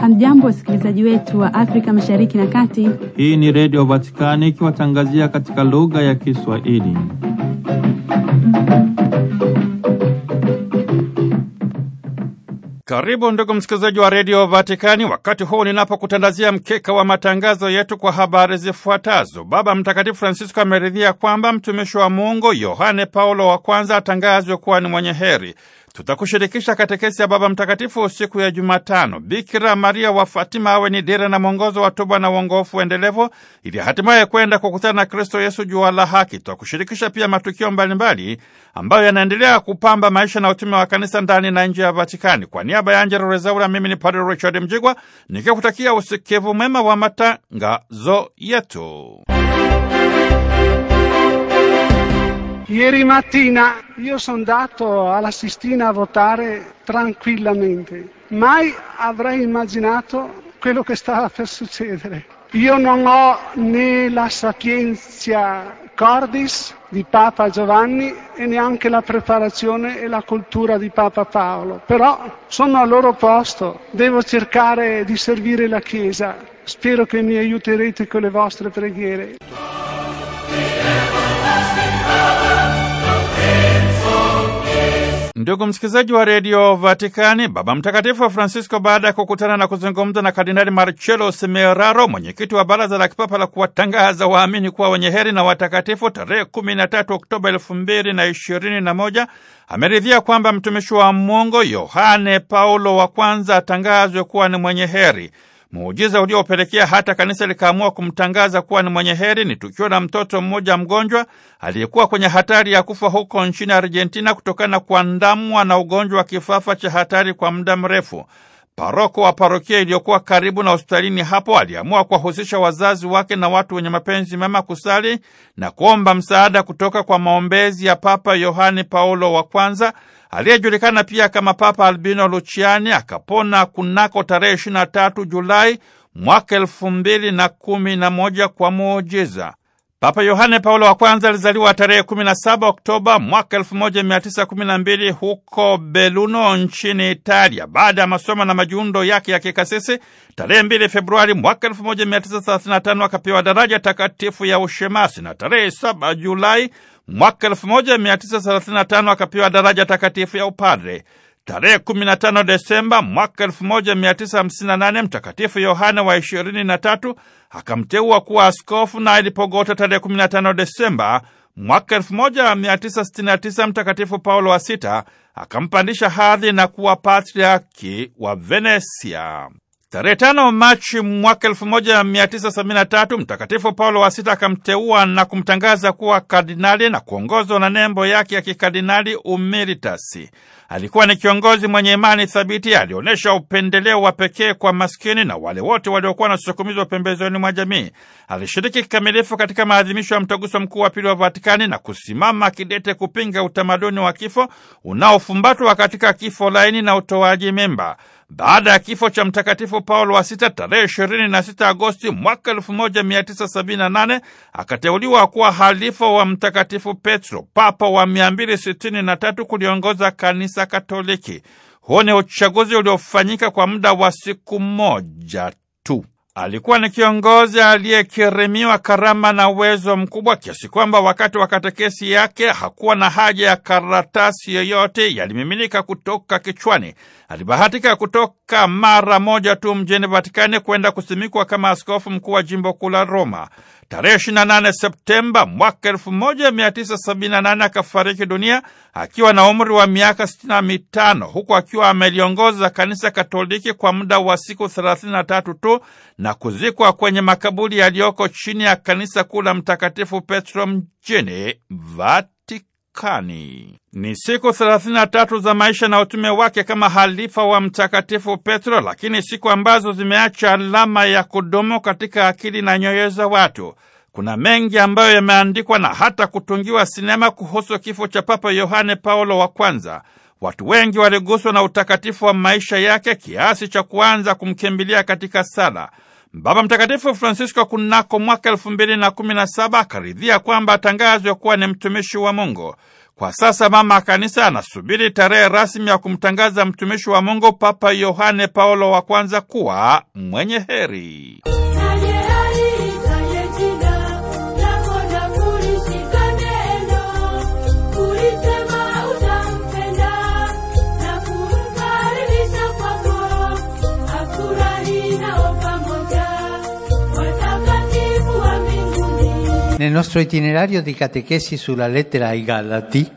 Hamjambo, wasikilizaji wetu wa Afrika Mashariki na Kati. Hii ni Redio Vatikani ikiwatangazia katika lugha ya Kiswahili. Karibu ndugu msikilizaji wa Redio Vatikani, wakati huu ninapokutandazia mkeka wa matangazo yetu kwa habari zifuatazo. Baba Mtakatifu Francisco ameridhia kwamba mtumishi wa Mungu Yohane Paulo wa kwanza atangazwe kuwa ni mwenye heri. Tutakushirikisha katekesi ya Baba Mtakatifu usiku ya Jumatano. Bikira Maria wa Fatima awe ni dira na mwongozo wa toba na uongofu endelevu, ili hatimaye kwenda kukutana na Kristo Yesu, jua la haki. Tutakushirikisha pia matukio mbalimbali ambayo yanaendelea kupamba maisha na utume wa kanisa ndani na nje ya Vatikani. Kwa niaba ya Angela Rezaura, mimi ni Padre Richard Mjigwa nikikutakia usikivu mwema wa matangazo yetu. Ieri mattina io sono andato alla Sistina a votare tranquillamente. Mai avrei immaginato quello che stava per succedere. Io non ho né la sapienza cordis di Papa Giovanni e neanche la preparazione e la cultura di Papa Paolo, però sono al loro posto, devo cercare di servire la Chiesa. Spero che mi aiuterete con le vostre preghiere. Ndugu msikilizaji wa redio Vatikani, Baba Mtakatifu wa Francisco, baada ya kukutana na kuzungumza na Kardinali Marcello Semeraro, mwenyekiti wa Baraza la Kipapa la kuwatangaza waamini kuwa wenye heri na watakatifu, tarehe 13 Oktoba 2021, ameridhia kwamba mtumishi wa Mungu Yohane Paulo wa kwanza atangazwe kuwa ni mwenye heri. Muujiza uliopelekea hata kanisa likaamua kumtangaza kuwa ni mwenye heri ni tukio la mtoto mmoja mgonjwa aliyekuwa kwenye hatari ya kufa huko nchini Argentina kutokana na kuandamwa na ugonjwa wa kifafa cha hatari kwa muda mrefu. Paroko wa parokia iliyokuwa karibu na hospitalini hapo aliamua kuwahusisha wazazi wake na watu wenye mapenzi mema kusali na kuomba msaada kutoka kwa maombezi ya Papa Yohane Paulo wa kwanza aliyejulikana pia kama Papa Albino Luciani akapona kunako tarehe 23 Julai mwaka elfu mbili na kumi na moja kwa muujiza. Papa Yohane Paulo wa kwanza alizaliwa tarehe 17 Oktoba mwaka 1912 huko beluno nchini Italia. Baada ya masomo na majiundo yake ya kikasisi, tarehe 2 Februari mwaka 1935 akapewa daraja takatifu ya ushemasi na tarehe 7 Julai Mwaka 1935 akapewa daraja takatifu ya upadre. Tarehe 15 Desemba mwaka 1958 Mtakatifu Yohane wa 23 akamteua kuwa askofu, na alipogota tarehe 15 Desemba mwaka 1969 Mtakatifu Paulo wa sita akampandisha hadhi na kuwa patriaki wa Venesia. Tarehe tano Machi mwaka 1973 Mtakatifu Paulo wa Sita akamteua na kumtangaza kuwa kardinali na kuongozwa na nembo yake ya kikardinali umiritasi. Alikuwa ni kiongozi mwenye imani thabiti, alionyesha upendeleo wa pekee kwa maskini na wale wote waliokuwa wanasukumizwa pembezoni mwa jamii. Alishiriki kikamilifu katika maadhimisho ya mtaguso mkuu wa pili wa Vatikani na kusimama kidete kupinga utamaduni wa kifo unaofumbatwa katika kifo laini na utoaji mimba baada ya kifo cha Mtakatifu Paulo wa Sita tarehe 26 Agosti mwaka 1978 akateuliwa kuwa halifa wa Mtakatifu Petro, papa wa 263 kuliongoza kanisa Katoliki. Huo ni uchaguzi uliofanyika kwa muda wa siku moja tu. Alikuwa ni kiongozi aliyekirimiwa karama na uwezo mkubwa kiasi kwamba wakati wa katekesi yake hakuwa na haja ya karatasi yoyote, yalimiminika kutoka kichwani alibahatika kutoka mara moja tu mjini Vatikani kwenda kusimikwa kama askofu mkuu wa jimbo kuu la Roma. Tarehe 28 Septemba mwaka 1978 akafariki dunia akiwa na umri wa miaka 65 huku akiwa ameliongoza kanisa Katoliki kwa muda wa siku 33 tu na kuzikwa kwenye makaburi yaliyoko chini ya kanisa kuu la Mtakatifu Petro mjini Vatikani. Vatikani. Ni siku 33 za maisha na utume wake kama halifa wa Mtakatifu Petro, lakini siku ambazo zimeacha alama ya kudumu katika akili na nyoyo za watu. Kuna mengi ambayo yameandikwa na hata kutungiwa sinema kuhusu kifo cha Papa Yohane Paulo wa Kwanza. Watu wengi waliguswa na utakatifu wa maisha yake kiasi cha kuanza kumkimbilia katika sala. Baba Mtakatifu Francisco kunako mwaka elfu mbili na kumi na saba akaridhia kwamba atangazwe kuwa ni mtumishi wa Mungu. Kwa sasa mama kanisa anasubiri tarehe rasmi ya kumtangaza mtumishi wa Mungu Papa Yohane Paulo wa kwanza kuwa mwenye heri. Nel nostro itinerario di catechesi sulla lettera ai Galati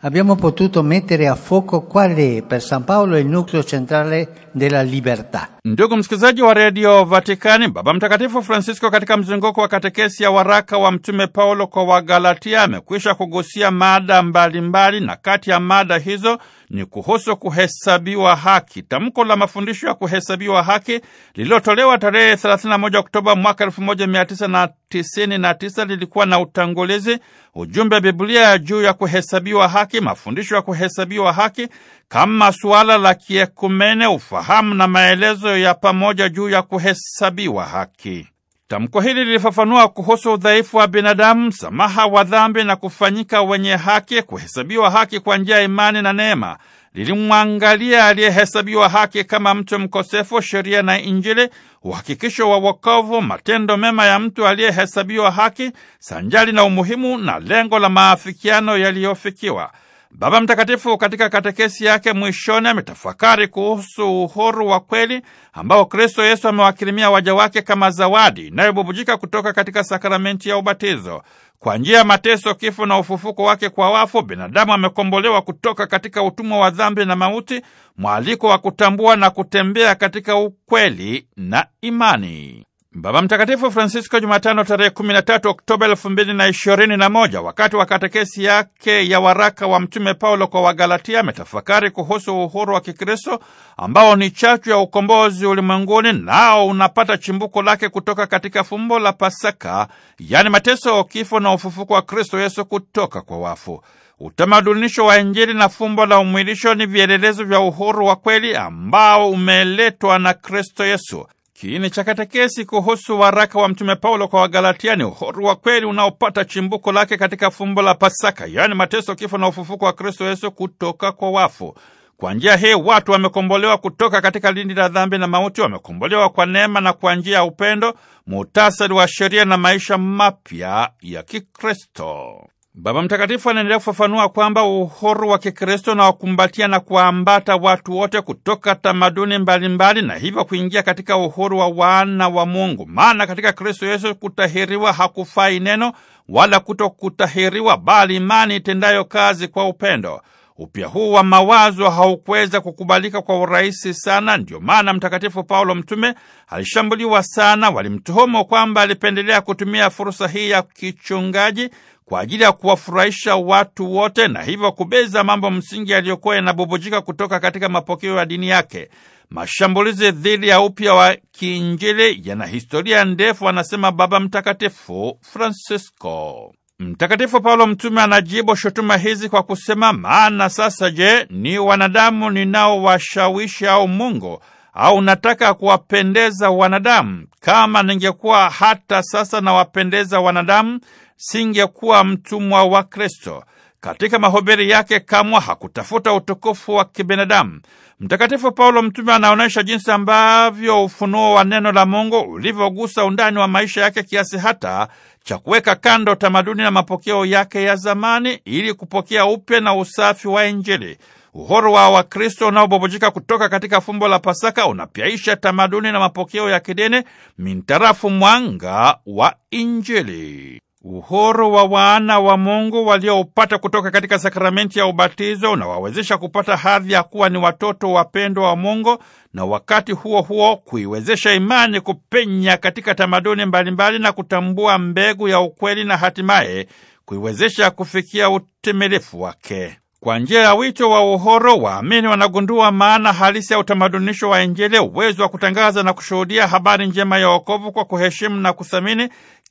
abbiamo potuto mettere a fuoco qual è per San Paolo il nucleo centrale de la Libertad. Ndugu msikilizaji wa redio Vatikani, Baba Mtakatifu Francisco katika mzunguko wa katekesi ya waraka wa Mtume Paulo kwa Wagalatia amekwisha kugusia mada mbalimbali mbali, na kati ya mada hizo ni kuhusu kuhesabiwa haki. Tamko la mafundisho ya kuhesabiwa haki lililotolewa tarehe 31 Oktoba mwaka 1999 lilikuwa na utangulizi, ujumbe wa Biblia juu ya kuhesabiwa haki, mafundisho ya kuhesabiwa haki kama suala la kiekumene, ufahamu na maelezo ya pamoja juu ya kuhesabiwa haki. Tamko hili lilifafanua kuhusu udhaifu wa binadamu, msamaha wa dhambi na kufanyika wenye haki, kuhesabiwa haki kwa njia ya imani na neema. Lilimwangalia aliyehesabiwa haki kama mtu mkosefu, sheria na Injili, uhakikisho wa wokovu, matendo mema ya mtu aliyehesabiwa haki, sanjali na umuhimu na lengo la maafikiano yaliyofikiwa. Baba Mtakatifu katika katekesi yake mwishoni ametafakari kuhusu uhuru wa kweli ambao Kristo Yesu amewakirimia waja wake kama zawadi inayobubujika kutoka katika sakramenti ya ubatizo. Kwa njia ya mateso, kifo na ufufuko wake kwa wafu, binadamu amekombolewa kutoka katika utumwa wa dhambi na mauti, mwaliko wa kutambua na kutembea katika ukweli na imani. Baba Mtakatifu Francisco Jumatano tarehe 13 Oktoba 2021 wakati wa katekesi yake ya waraka wa Mtume Paulo kwa Wagalatia ametafakari kuhusu uhuru wa Kikristo ambao ni chachu ya ukombozi ulimwenguni, nao unapata chimbuko lake kutoka katika fumbo la Pasaka, yaani mateso, kifo na ufufuko wa Kristo Yesu kutoka kwa wafu. Utamadunisho wa Injili na fumbo la umwilisho ni vielelezo vya uhuru wa kweli ambao umeletwa na Kristo Yesu. Kiini cha katekesi kuhusu waraka wa Mtume Paulo kwa Wagalatia ni uhuru wa kweli unaopata chimbuko lake katika fumbo la Pasaka, yaani mateso, kifo na ufufuko wa Kristo Yesu kutoka kwa wafu. Kwa njia hii watu wamekombolewa kutoka katika lindi la dhambi na mauti, wamekombolewa kwa neema na kwa njia ya upendo, muhtasari wa sheria na maisha mapya ya Kikristo. Baba Mtakatifu anaendelea kufafanua kwamba uhuru wa Kikristo unawakumbatia na kuambata watu wote kutoka tamaduni mbalimbali na hivyo kuingia katika uhuru wa wana wa Mungu. Maana katika Kristo Yesu kutahiriwa hakufai neno wala kutokutahiriwa, bali imani itendayo kazi kwa upendo. Upya huu wa mawazo haukuweza kukubalika kwa urahisi sana. Ndio maana Mtakatifu Paulo Mtume alishambuliwa sana, walimtuhumu kwamba alipendelea kutumia fursa hii ya kichungaji kwa ajili ya kuwafurahisha watu wote na hivyo kubeza mambo msingi yaliyokuwa yanabubujika kutoka katika mapokeo ya dini yake. Mashambulizi dhidi ya upya wa kiinjili yana historia ndefu, anasema Baba Mtakatifu Francisco. Mtakatifu Paulo Mtume anajibu shutuma hizi kwa kusema, maana sasa je, ni wanadamu ninaowashawishi au Mungu au nataka kuwapendeza wanadamu? Kama ningekuwa hata sasa nawapendeza wanadamu singekuwa mtumwa wa Kristo. Katika mahubiri yake kamwa hakutafuta utukufu wa kibinadamu. Mtakatifu Paulo mtume anaonyesha jinsi ambavyo ufunuo wa neno la Mungu ulivyogusa undani wa maisha yake kiasi hata cha kuweka kando tamaduni na mapokeo yake ya zamani ili kupokea upya na usafi wa Injili. Uhoro wa Wakristo unaobobojika kutoka katika fumbo la Pasaka unapyaisha tamaduni na mapokeo ya kidini mintarafu mwanga wa Injili. Uhuru wa wana wa Mungu walioupata kutoka katika sakramenti ya ubatizo unawawezesha kupata hadhi ya kuwa ni watoto wapendwa wa Mungu na wakati huo huo kuiwezesha imani kupenya katika tamaduni mbalimbali na kutambua mbegu ya ukweli na hatimaye kuiwezesha kufikia utimilifu wake. Kwa njia ya wito wa uhuru, waamini wanagundua maana halisi ya utamadunisho wa Injili, uwezo wa kutangaza na kushuhudia habari njema ya wokovu kwa kuheshimu na kuthamini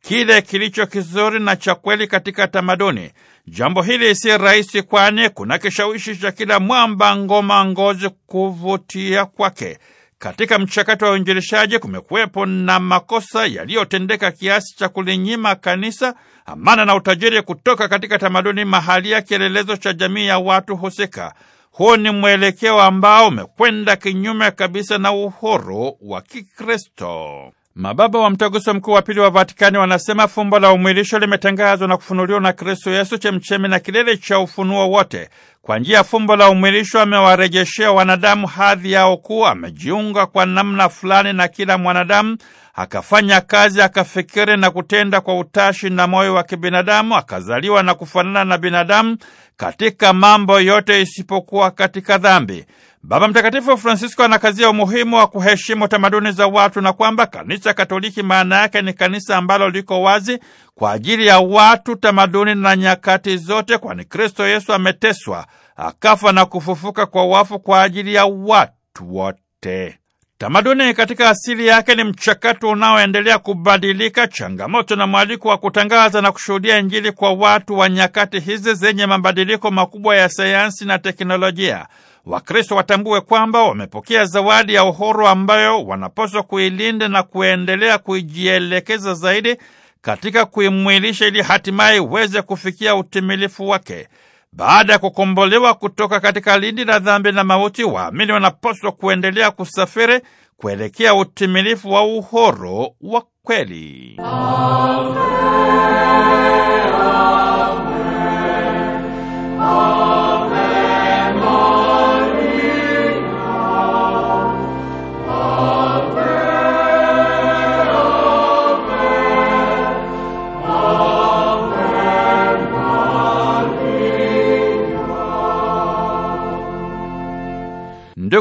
kile kilicho kizuri na cha kweli katika tamaduni. Jambo hili si rahisi, kwani kuna kishawishi cha kila mwamba ngoma ngozi kuvutia kwake. Katika mchakato wa uinjilishaji kumekuwepo na makosa yaliyotendeka kiasi cha kulinyima kanisa amana na utajiri kutoka katika tamaduni mahalia, kielelezo cha jamii ya watu husika. Huu ni mwelekeo ambao umekwenda kinyume kabisa na uhuru wa Kikristo. Mababa wa Mtaguso Mkuu wa Pili wa Vatikani wanasema fumbo la umwilisho limetangazwa na kufunuliwa na Kristo Yesu, chemchemi na kilele cha ufunuo wote. Kwa njia ya fumbo la umwilisho amewarejeshea wanadamu hadhi yao kuu. Amejiunga kwa namna fulani na kila mwanadamu akafanya kazi, akafikiri na kutenda kwa utashi na moyo wa kibinadamu, akazaliwa na kufanana na binadamu katika mambo yote isipokuwa katika dhambi. Baba Mtakatifu Francisco anakazia umuhimu wa kuheshimu tamaduni za watu na kwamba kanisa Katoliki maana yake ni kanisa ambalo liko wazi kwa ajili ya watu, tamaduni na nyakati zote, kwani Kristo Yesu ameteswa, akafa na kufufuka kwa wafu kwa ajili ya watu wote. Tamaduni katika asili yake ni mchakato unaoendelea kubadilika, changamoto na mwaliko wa kutangaza na kushuhudia Injili kwa watu wa nyakati hizi zenye mabadiliko makubwa ya sayansi na teknolojia. Wakristo watambue kwamba wamepokea zawadi ya uhuru ambayo wanapaswa kuilinda na kuendelea kujielekeza zaidi katika kuimwilisha ili hatimaye iweze kufikia utimilifu wake baada ya kukombolewa kutoka katika lindi la dhambi na mauti, waamini wanapaswa kuendelea kusafiri kuelekea utimilifu wa uhoro wa kweli.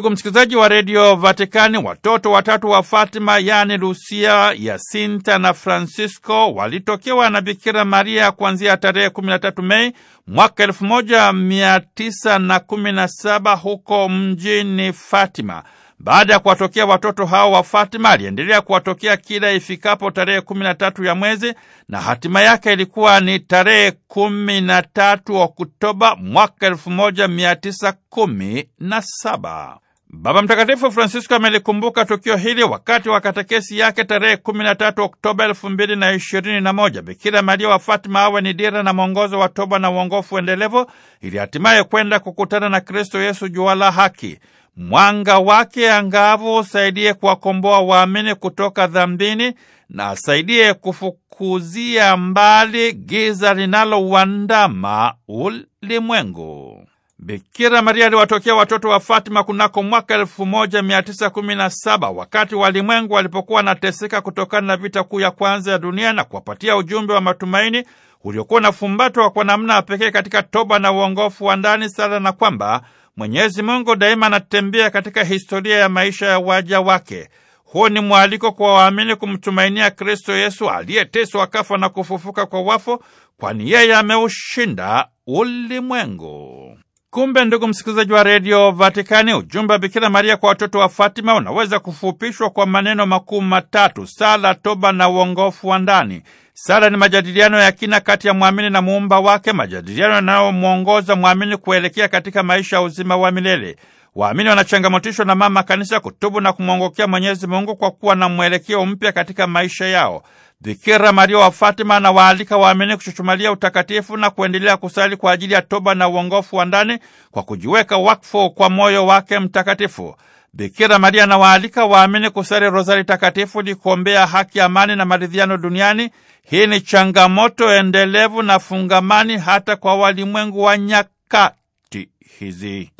Ndugu msikilizaji wa redio Vatikani, watoto watatu wa Fatima yaani Lucia, Yasinta na Francisco walitokewa na Bikira Maria kuanzia tarehe 13 Mei mwaka 1917 huko mjini Fatima. Baada ya kuwatokea watoto hao wa Fatima, aliendelea kuwatokea kila ifikapo tarehe kumi na tatu ya mwezi na hatima yake ilikuwa ni tarehe kumi na tatu Oktoba mwaka elfu moja kumi na saba. Baba Mtakatifu Francisco amelikumbuka tukio hili wakati wa katekesi yake tarehe 13 Oktoba 2021. Bikira Maria wa Fatima awe ni dira na mwongozo wa toba na uongofu endelevu, ili hatimaye kwenda kukutana na Kristo Yesu, jua la haki. Mwanga wake angavu usaidie kuwakomboa waamini kutoka dhambini na asaidie kufukuzia mbali giza linalouandama ulimwengu. Bikira Maria aliwatokea watoto wa Fatima kunako mwaka 1917 wakati walimwengu walipokuwa wanateseka kutokana na vita kuu ya kwanza ya dunia na kuwapatia ujumbe wa matumaini uliokuwa unafumbatwa kwa namna pekee katika toba na uongofu wa ndani, sala na kwamba Mwenyezi Mungu daima anatembea katika historia ya maisha ya waja wake. Huo ni mwaliko kwa waamini kumtumainia Kristo Yesu aliyeteswa, kafa na kufufuka kwa wafu, kwani yeye ameushinda ulimwengu. Kumbe ndugu msikilizaji wa redio Vatikani, ujumbe wa Bikira Maria kwa watoto wa Fatima unaweza kufupishwa kwa maneno makuu matatu: sala, toba na uongofu wa ndani. Sala ni majadiliano ya kina kati ya mwamini na muumba wake, majadiliano yanayomwongoza mwamini kuelekea katika maisha ya uzima wa milele. Waamini wanachangamotishwa na mama kanisa kutubu na kumwongokea Mwenyezi Mungu kwa kuwa na mwelekeo mpya katika maisha yao. Bikira Maria wa Fatima anawaalika waamini kuchuchumalia utakatifu na kuendelea kusali kwa ajili ya toba na uongofu wa ndani kwa kujiweka wakfu kwa moyo wake mtakatifu. Bikira Maria anawaalika waamini kusali rozari takatifu ili kuombea haki, amani na maridhiano duniani. Hii ni changamoto endelevu na fungamani hata kwa walimwengu wa nyakati hizi.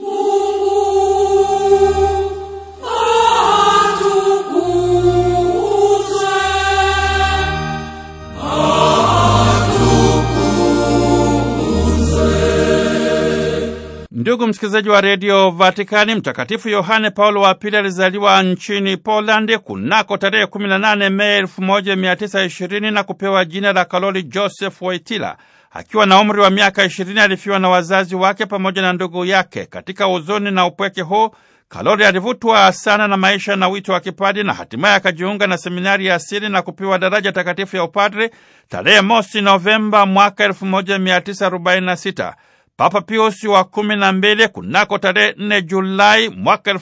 Ndugu msikilizaji wa redio Vatikani, Mtakatifu Yohane Paulo wa Pili alizaliwa nchini Polandi kunako tarehe 18 Mei 1920 na kupewa jina la Karoli Joseph Waitila. Akiwa na umri wa miaka 20 alifiwa na wazazi wake pamoja na ndugu yake. Katika huzuni na upweke huu, Karoli alivutwa sana na maisha na wito wa kipadi na hatimaye akajiunga na seminari ya asili na kupewa daraja takatifu ya upadri tarehe mosi Novemba mwaka 1946. Papa Piusi wa kumi na mbili kunako tarehe ne Julai mwaka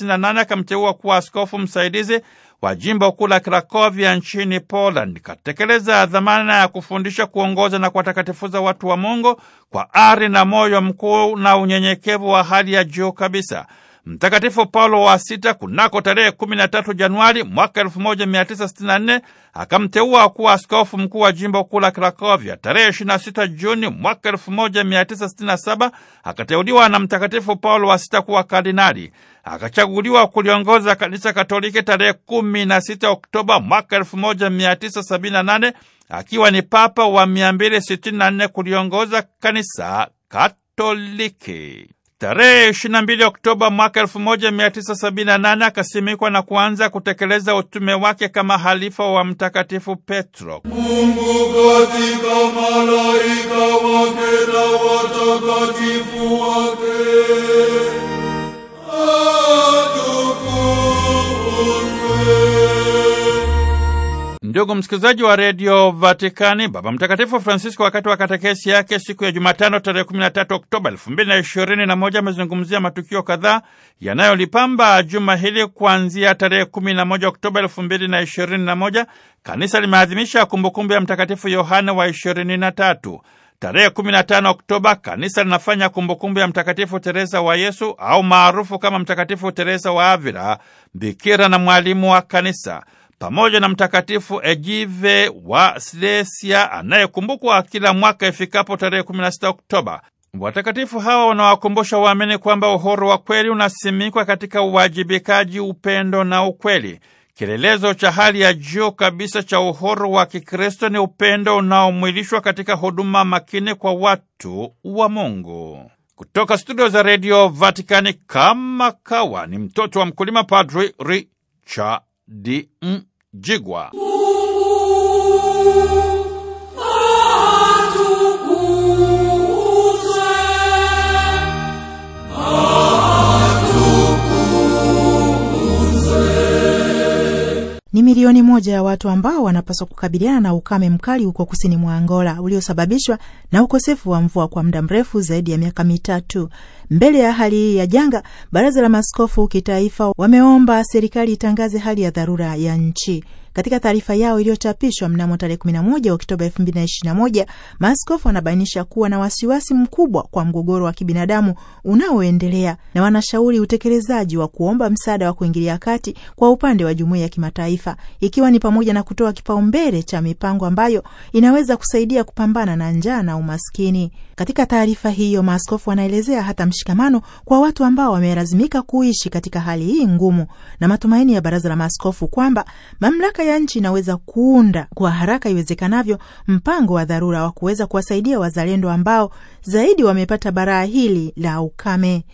nane akamteua kuwa askofu msaidizi wa jimbo kuu la Krakovia nchini Poland. Katekeleza dhamana ya kufundisha, kuongoza na kuwatakatifuza watu wa Mungu kwa ari na moyo mkuu na unyenyekevu wa hali ya juu kabisa. Mtakatifu Paulo wa sita kunako tarehe 13 Januari mwaka 1964 akamteua kuwa askofu mkuu wa jimbo kuu la Krakovya. Tarehe 26 Juni mwaka 1967 akateuliwa na Mtakatifu Paulo wa sita kuwa kardinali. Akachaguliwa kuliongoza kanisa Katoliki tarehe 16 Oktoba mwaka 1978 akiwa ni papa wa 264 kuliongoza kanisa Katoliki. Tarehe 22 Oktoba mwaka 1978 akasimikwa na kuanza kutekeleza utume wake kama halifa wa Mtakatifu Petro. Mungu katika malaika wake na watakatifu wake Ndugu msikilizaji wa redio Vatikani, Baba Mtakatifu Francisco wakati wa katekesi yake siku ya Jumatano tarehe 13 Oktoba 2021 amezungumzia matukio kadhaa yanayolipamba juma hili. Kuanzia tarehe 11 Oktoba 2021 kanisa limeadhimisha kumbukumbu ya Mtakatifu Yohane wa 23. Tarehe 15 Oktoba kanisa linafanya kumbukumbu ya Mtakatifu Teresa wa Yesu au maarufu kama Mtakatifu Teresa wa Avila, bikira na mwalimu wa kanisa pamoja na Mtakatifu ejive wa Silesia anayekumbukwa kila mwaka ifikapo tarehe 16 Oktoba. Watakatifu hawa wanawakumbusha waamini kwamba uhuru wa kweli unasimikwa katika uwajibikaji, upendo na ukweli. Kielelezo cha hali ya juu kabisa cha uhuru wa Kikristo ni upendo unaomwilishwa katika huduma makini kwa watu wa Mungu. Kutoka studio za redio Vatikani, kama kawa ni mtoto wa mkulima, Padri Richard de un Ni milioni moja ya watu ambao wanapaswa kukabiliana na ukame mkali huko kusini mwa Angola uliosababishwa na ukosefu wa mvua kwa muda mrefu zaidi ya miaka mitatu. Mbele ya hali hii ya janga, baraza la maskofu kitaifa wameomba serikali itangaze hali ya dharura ya nchi. Katika taarifa yao iliyochapishwa mnamo tarehe 11 Oktoba 2021, maaskofu wanabainisha kuwa na wasiwasi mkubwa kwa mgogoro wa kibinadamu unaoendelea na wanashauri utekelezaji wa kuomba msaada wa kuingilia kati kwa upande wa jumuiya ya kimataifa, ikiwa ni pamoja na kutoa kipaumbele cha mipango ambayo inaweza kusaidia kupambana na njaa na umaskini. Katika taarifa hiyo, maaskofu wanaelezea hata mshikamano kwa watu ambao wamelazimika kuishi katika hali hii ngumu na matumaini ya baraza la maaskofu kwamba mamlaka ya nchi inaweza kuunda kwa haraka iwezekanavyo mpango wa dharura wa kuweza kuwasaidia wazalendo ambao zaidi wamepata baraa hili la ukame.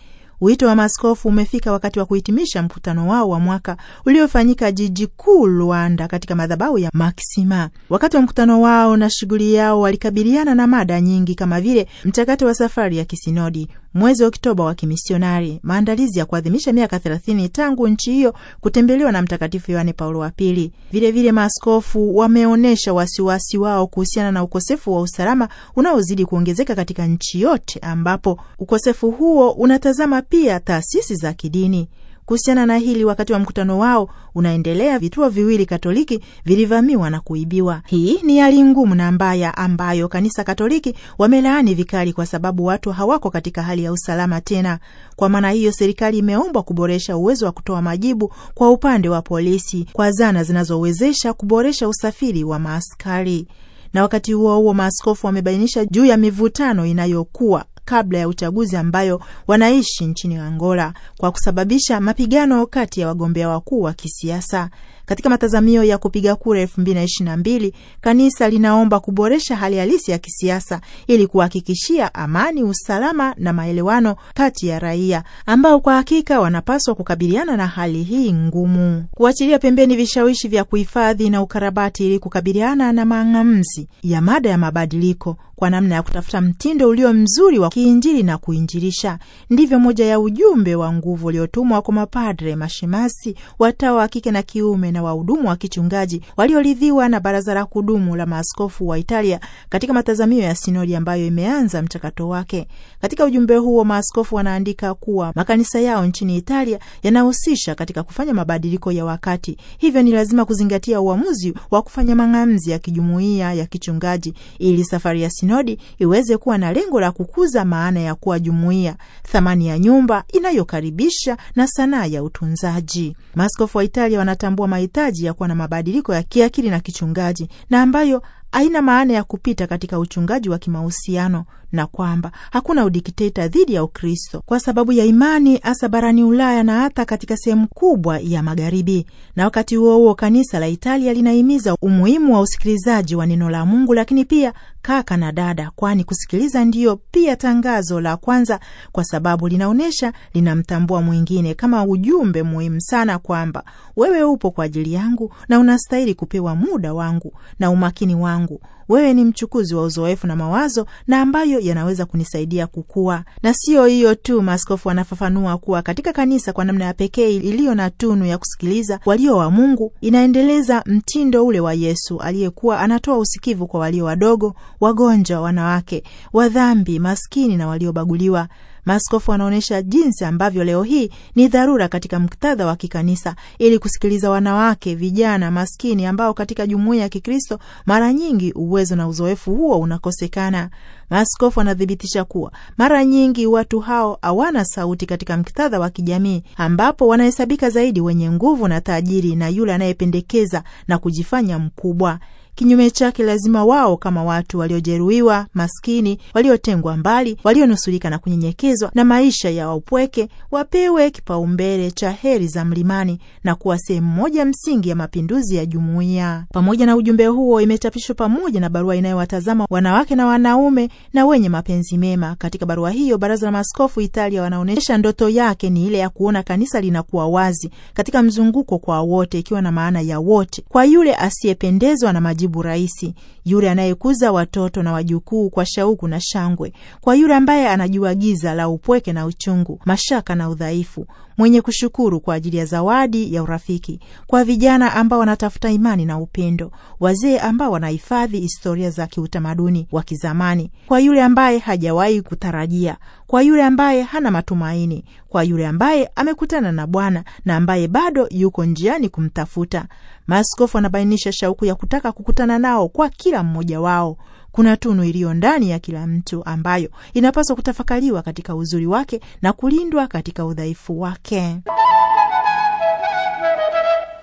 Wito wa maskofu umefika wakati wa kuhitimisha mkutano wao wa mwaka uliofanyika jiji kuu Luanda, katika madhabahu ya Maksima. Wakati wa mkutano wao na shughuli yao, walikabiliana na mada nyingi kama vile mchakato wa safari ya kisinodi, mwezi Oktoba wa kimisionari, maandalizi ya kuadhimisha miaka thelathini tangu nchi hiyo kutembelewa na Mtakatifu Yohane Paulo wa Pili. Vilevile maaskofu wameonyesha wasiwasi wao kuhusiana na ukosefu wa usalama unaozidi kuongezeka katika nchi yote, ambapo ukosefu huo unatazama pia taasisi za kidini. Kuhusiana na hili, wakati wa mkutano wao unaendelea, vituo viwili Katoliki vilivamiwa na kuibiwa. Hii ni hali ngumu na mbaya ambayo Kanisa Katoliki wamelaani vikali, kwa sababu watu hawako katika hali ya usalama tena. Kwa maana hiyo, serikali imeombwa kuboresha uwezo wa kutoa majibu kwa upande wa polisi kwa zana zinazowezesha kuboresha usafiri wa maaskari na wakati huo huo maaskofu wamebainisha juu ya mivutano inayokuwa kabla ya uchaguzi ambayo wanaishi nchini Angola kwa kusababisha mapigano kati ya wagombea wakuu wa kisiasa. Katika matazamio ya kupiga kura mbili, kanisa linaomba kuboresha hali halisi ya kisiasa ili kuhakikishia amani, usalama na maelewano kati ya raia ambao kwa hakika wanapaswa kukabiliana na hali hii ngumu, kuachilia pembeni vishawishi vya kuhifadhi na ukarabati ili kukabiliana na mang'amzi ya mada ya mabadiliko, kwa namna ya kutafuta mtindo ulio mzuri wa kiinjili na kuinjilisha. Ndivyo moja ya ujumbe wa nguvu uliotumwa kwa mapadre, mashemasi, watawa wa kike na kiume na wahudumu wa kichungaji walioridhiwa na Baraza la Kudumu la Maaskofu wa Italia katika matazamio ya sinodi ambayo imeanza mchakato wake. Katika ujumbe huo, maaskofu wanaandika kuwa makanisa yao nchini Italia yanahusisha katika kufanya mabadiliko ya wakati, hivyo ni lazima kuzingatia uamuzi wa kufanya mang'amzi ya kijumuiya ya kichungaji ili safari ya sinodi sinodi iweze kuwa na lengo la kukuza maana ya kuwa jumuiya, thamani ya nyumba inayokaribisha na sanaa ya utunzaji. maskofu wa Italia wanatambua mahitaji ya kuwa na mabadiliko ya kiakili na kichungaji na ambayo haina maana ya kupita katika uchungaji wa kimahusiano na kwamba hakuna udikteta dhidi ya Ukristo kwa sababu ya imani, hasa barani Ulaya na hata katika sehemu kubwa ya Magharibi. Na wakati huo huo, kanisa la Italia linahimiza umuhimu wa usikilizaji wa neno la Mungu, lakini pia kaka na dada, kwani kusikiliza ndiyo pia tangazo la kwanza, kwa sababu linaonyesha linamtambua mwingine kama ujumbe muhimu sana kwamba wewe upo kwa ajili yangu na unastahili kupewa muda wangu na umakini wangu yangu. Wewe ni mchukuzi wa uzoefu na mawazo na ambayo yanaweza kunisaidia kukua. Na siyo hiyo tu, maaskofu wanafafanua kuwa katika kanisa, kwa namna ya pekee iliyo na tunu ya kusikiliza walio wa Mungu, inaendeleza mtindo ule wa Yesu aliyekuwa anatoa usikivu kwa walio wadogo, wagonjwa, wanawake, wadhambi, maskini na waliobaguliwa. Maaskofu wanaonyesha jinsi ambavyo leo hii ni dharura katika muktadha wa kikanisa ili kusikiliza wanawake, vijana maskini ambao katika jumuiya ya Kikristo mara nyingi uwezo na uzoefu huo unakosekana. Maaskofu wanathibitisha kuwa mara nyingi watu hao hawana sauti katika muktadha wa kijamii ambapo wanahesabika zaidi wenye nguvu na tajiri na yule anayependekeza na kujifanya mkubwa. Kinyume chake, lazima wao kama watu waliojeruhiwa, maskini, waliotengwa mbali, walionusurika na kunyenyekezwa na maisha ya upweke, wapewe kipaumbele cha heri za mlimani na kuwa sehemu moja msingi ya mapinduzi ya jumuiya. Pamoja na ujumbe huo, imechapishwa pamoja na barua inayowatazama wanawake na wanaume na wenye mapenzi mema. Katika barua hiyo, baraza la maaskofu Italia wanaonyesha ndoto yake ni ile ya kuona kanisa linakuwa wazi katika mzunguko kwa wote, ikiwa na maana ya wote, kwa yule asiyependezwa na maji jibu rahisi, yule anayekuza watoto na wajukuu kwa shauku na shangwe, kwa yule ambaye anajua giza la upweke na uchungu, mashaka na udhaifu, mwenye kushukuru kwa ajili ya zawadi ya urafiki, kwa vijana ambao wanatafuta imani na upendo, wazee ambao wanahifadhi historia za kiutamaduni wa kizamani, kwa yule ambaye hajawahi kutarajia, kwa yule ambaye hana matumaini, kwa yule ambaye amekutana na Bwana na ambaye bado yuko njiani kumtafuta. Maaskofu anabainisha shauku ya kutaka kukutana nao kwa kila mmoja wao kuna tunu iliyo ndani ya kila mtu ambayo inapaswa kutafakaliwa katika uzuri wake na kulindwa katika udhaifu wake.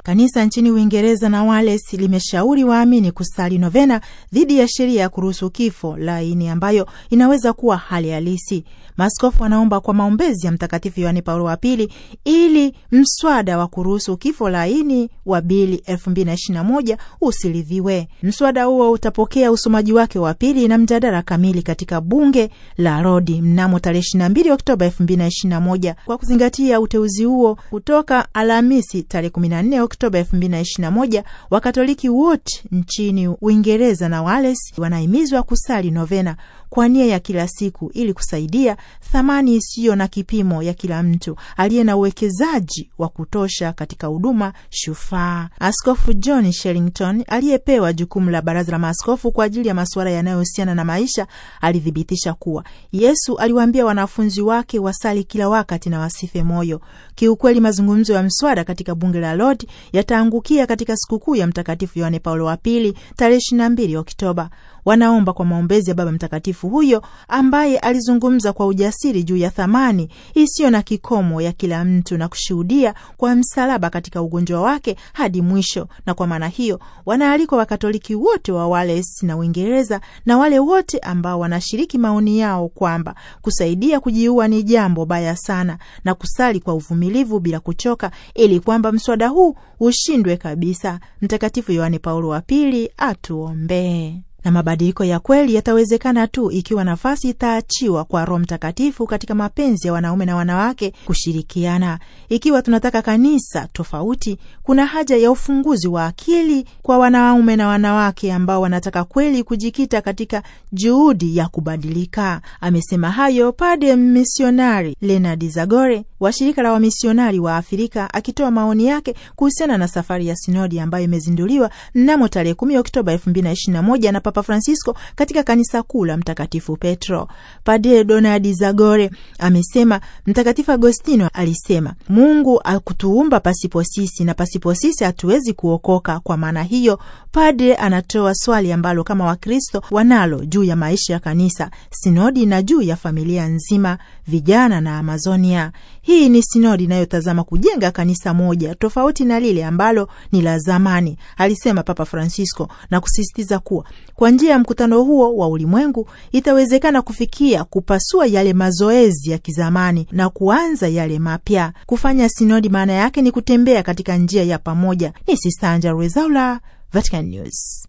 Kanisa nchini Uingereza na Wales limeshauri waamini kusali novena dhidi ya sheria ya kuruhusu kifo laini ambayo inaweza kuwa hali halisi. maskofu wanaomba kwa maombezi ya Mtakatifu Yohane Paulo wa Pili ili mswada wa kuruhusu kifo laini wa bili 2021 usiridhiwe. Mswada huo utapokea usomaji wake wa pili na mjadala kamili katika bunge la rodi mnamo tarehe 22 Oktoba 2021 kwa kuzingatia uteuzi huo kutoka Alhamisi tarehe 14 Oktoba 2021 Wakatoliki wote nchini Uingereza na Wales wanahimizwa kusali novena kwa nia ya kila siku ili kusaidia thamani isiyo na kipimo ya kila mtu aliye na uwekezaji wa kutosha katika huduma shufaa. Askofu John Sherrington aliyepewa jukumu la baraza la maaskofu kwa ajili ya masuala yanayohusiana na maisha alithibitisha kuwa Yesu aliwaambia wanafunzi wake wasali kila wakati na wasife moyo. Kiukweli, mazungumzo ya mswada katika bunge la Lord yataangukia katika sikukuu ya Mtakatifu Yohane Paulo wa Pili tarehe 22 Oktoba. Wanaomba kwa maombezi ya Baba Mtakatifu mtakatifu huyo ambaye alizungumza kwa ujasiri juu ya thamani isiyo na kikomo ya kila mtu na kushuhudia kwa msalaba katika ugonjwa wake hadi mwisho. Na kwa maana hiyo wanaalikwa Wakatoliki wote wa Wales na Uingereza na wale wote ambao wanashiriki maoni yao kwamba kusaidia kujiua ni jambo baya sana, na kusali kwa uvumilivu bila kuchoka, ili kwamba mswada huu ushindwe kabisa. Mtakatifu Yohane Paulo wa Pili atuombee na mabadiliko ya kweli yatawezekana tu ikiwa nafasi itaachiwa kwa Roho Mtakatifu katika mapenzi ya wanaume na wanawake kushirikiana. Ikiwa tunataka kanisa tofauti, kuna haja ya ufunguzi wa akili kwa wanaume na wanawake ambao wanataka kweli kujikita katika juhudi ya kubadilika. Amesema hayo Padre misionari Leonard Zagore wa shirika la wamisionari wa Afrika akitoa maoni yake kuhusiana na safari ya sinodi ambayo imezinduliwa mnamo tarehe 10 Oktoba 2021 na Papa Francisco katika kanisa kuu la Mtakatifu Petro. Padre Donadi Zagore amesema Mtakatifu Agostino alisema, Mungu akutuumba pasipo sisi na pasipo sisi hatuwezi kuokoka. Kwa maana hiyo, padre anatoa swali ambalo kama Wakristo wanalo juu ya maisha ya kanisa, sinodi na juu ya familia nzima, vijana na Amazonia. Hii ni sinodi inayotazama kujenga kanisa moja tofauti na lile ambalo ni la zamani, alisema Papa Francisco na kusisitiza kuwa kwa njia ya mkutano huo wa ulimwengu itawezekana kufikia kupasua yale mazoezi ya kizamani na kuanza yale mapya. Kufanya sinodi maana yake ni kutembea katika njia ya pamoja. Ni Sista Angella Rwezaula, Vatican News.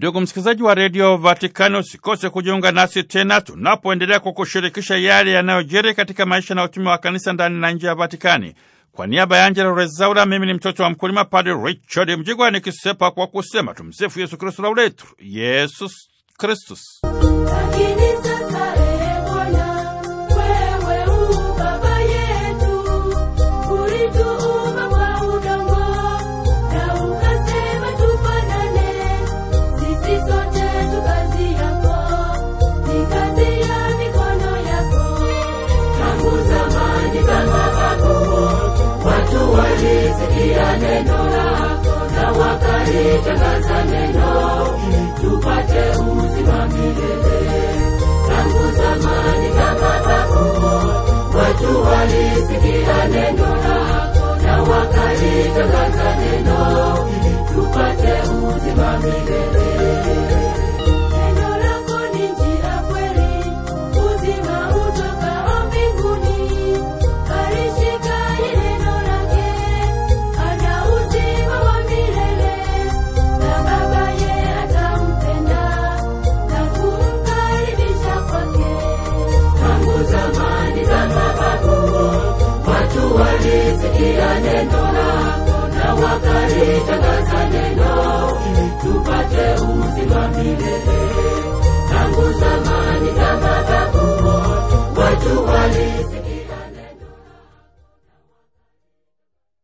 Ndugu msikilizaji wa redio Vatikani, usikose kujiunga nasi tena tunapoendelea kukushirikisha yale yanayojiri katika maisha na utumi wa kanisa ndani na nje ya Vatikani. Kwa niaba ya Angela Rezaura, mimi ni mtoto wa mkulima Padre Richard Mjigwa nikisepa kwa kusema tumsifu Yesu Kristu, lauletu Yesus Kristus. sikia neno lako na wakalitangaza neno tupate uzima milele tangu zamani kama babu watu walisikia neno lako na wakalitangaza neno tupate uzima milele Tupendana na wakati tangaza neno, tupate uzima milele. Tangu zamani watu